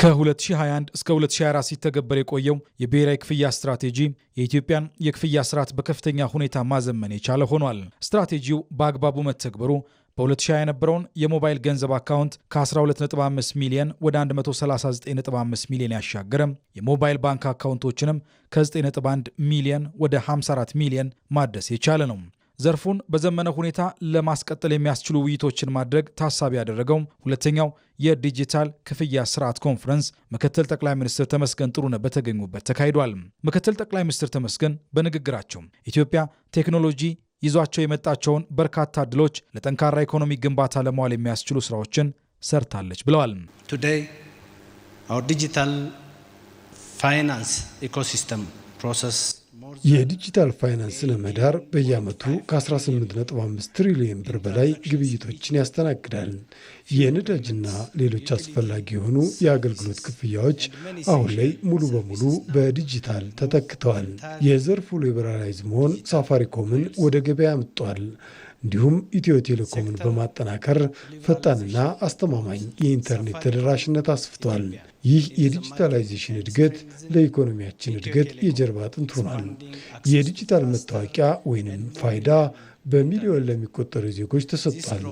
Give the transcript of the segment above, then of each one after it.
ከ2021 እስከ 2024 ሲተገበር የቆየው የብሔራዊ ክፍያ ስትራቴጂ የኢትዮጵያን የክፍያ ስርዓት በከፍተኛ ሁኔታ ማዘመን የቻለ ሆኗል። ስትራቴጂው በአግባቡ መተግበሩ በ2020 የነበረውን የሞባይል ገንዘብ አካውንት ከ125 ሚሊዮን ወደ 139.5 ሚሊዮን ያሻገረም የሞባይል ባንክ አካውንቶችንም ከ9.1 ሚሊዮን ወደ 54 ሚሊዮን ማደስ የቻለ ነው። ዘርፉን በዘመነ ሁኔታ ለማስቀጠል የሚያስችሉ ውይይቶችን ማድረግ ታሳቢ ያደረገው ሁለተኛው የዲጂታል ክፍያ ስርዓት ኮንፈረንስ ምክትል ጠቅላይ ሚኒስትር ተመስገን ጥሩነህ በተገኙበት ተካሂዷል። ምክትል ጠቅላይ ሚኒስትር ተመስገን በንግግራቸው ኢትዮጵያ ቴክኖሎጂ ይዟቸው የመጣቸውን በርካታ እድሎች ለጠንካራ ኢኮኖሚ ግንባታ ለመዋል የሚያስችሉ ስራዎችን ሰርታለች ብለዋል። ቱዴይ አወር ዲጂታል ፋይናንስ ኢኮሲስተም ፕሮሰስ የዲጂታል ፋይናንስ ለመዳር በየዓመቱ ከ18.5 ትሪሊዮን ብር በላይ ግብይቶችን ያስተናግዳል። የነዳጅና ሌሎች አስፈላጊ የሆኑ የአገልግሎት ክፍያዎች አሁን ላይ ሙሉ በሙሉ በዲጂታል ተተክተዋል። የዘርፉ ሊበራላይዝ መሆን ሳፋሪኮምን ወደ ገበያ አምጥቷል። እንዲሁም ኢትዮ ቴሌኮምን በማጠናከር ፈጣንና አስተማማኝ የኢንተርኔት ተደራሽነት አስፍቷል። ይህ የዲጂታላይዜሽን እድገት ለኢኮኖሚያችን እድገት የጀርባ አጥንት ሆኗል። የዲጂታል መታወቂያ ወይንም ፋይዳ በሚሊዮን ለሚቆጠሩ ዜጎች ተሰጥቷል።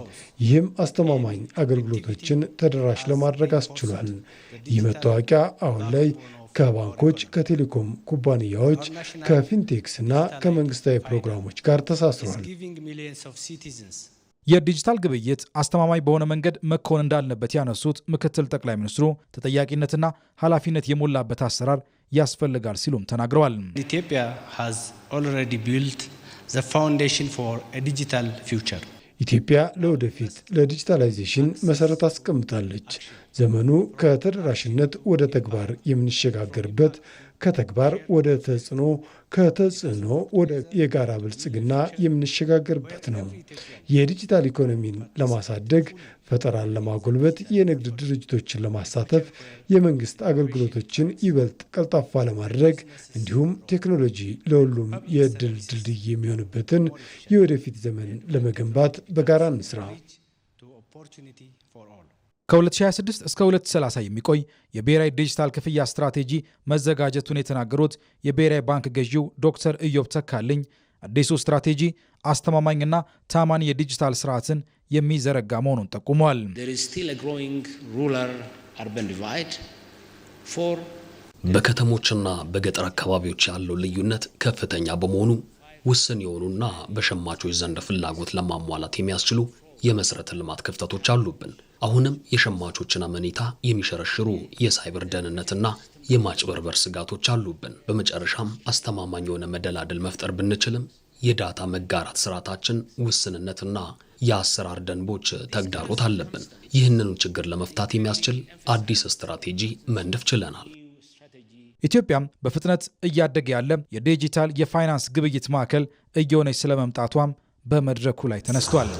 ይህም አስተማማኝ አገልግሎቶችን ተደራሽ ለማድረግ አስችሏል። ይህ መታወቂያ አሁን ላይ ከባንኮች፣ ከቴሌኮም ኩባንያዎች፣ ከፊንቴክስ እና ከመንግስታዊ ፕሮግራሞች ጋር ተሳስሯል። የዲጂታል ግብይት አስተማማኝ በሆነ መንገድ መከወን እንዳለበት ያነሱት ምክትል ጠቅላይ ሚኒስትሩ ተጠያቂነትና ኃላፊነት የሞላበት አሰራር ያስፈልጋል ሲሉም ተናግረዋል። ኢትዮጵያ ሃዝ ኦልሬዲ ቢልት ዘ ፋውንዴሽን ፎር ዲጂታል ፊውቸር ኢትዮጵያ ለወደፊት ለዲጂታላይዜሽን መሰረት አስቀምጣለች። ዘመኑ ከተደራሽነት ወደ ተግባር የምንሸጋገርበት ከተግባር ወደ ተጽዕኖ፣ ከተጽዕኖ ወደ የጋራ ብልጽግና የምንሸጋገርበት ነው። የዲጂታል ኢኮኖሚን ለማሳደግ፣ ፈጠራን ለማጎልበት፣ የንግድ ድርጅቶችን ለማሳተፍ፣ የመንግስት አገልግሎቶችን ይበልጥ ቀልጣፋ ለማድረግ እንዲሁም ቴክኖሎጂ ለሁሉም የእድል ድልድይ የሚሆንበትን የወደፊት ዘመን ለመገንባት በጋራ እንስራ። ከ2026 እስከ 2030 የሚቆይ የብሔራዊ ዲጂታል ክፍያ ስትራቴጂ መዘጋጀቱን የተናገሩት የብሔራዊ ባንክ ገዢው ዶክተር ኢዮብ ተካልኝ አዲሱ ስትራቴጂ አስተማማኝና ታማኝ የዲጂታል ስርዓትን የሚዘረጋ መሆኑን ጠቁሟል። በከተሞችና በገጠር አካባቢዎች ያለው ልዩነት ከፍተኛ በመሆኑ ውስን የሆኑና በሸማቾች ዘንድ ፍላጎት ለማሟላት የሚያስችሉ የመሠረተ ልማት ክፍተቶች አሉብን። አሁንም የሸማቾችን አመኔታ የሚሸረሽሩ የሳይበር ደህንነትና የማጭበርበር ስጋቶች አሉብን። በመጨረሻም አስተማማኝ የሆነ መደላደል መፍጠር ብንችልም የዳታ መጋራት ስርዓታችን ውስንነትና የአሰራር ደንቦች ተግዳሮት አለብን። ይህንኑ ችግር ለመፍታት የሚያስችል አዲስ ስትራቴጂ መንደፍ ችለናል። ኢትዮጵያም በፍጥነት እያደገ ያለ የዲጂታል የፋይናንስ ግብይት ማዕከል እየሆነች ስለመምጣቷም በመድረኩ ላይ ተነስቷል።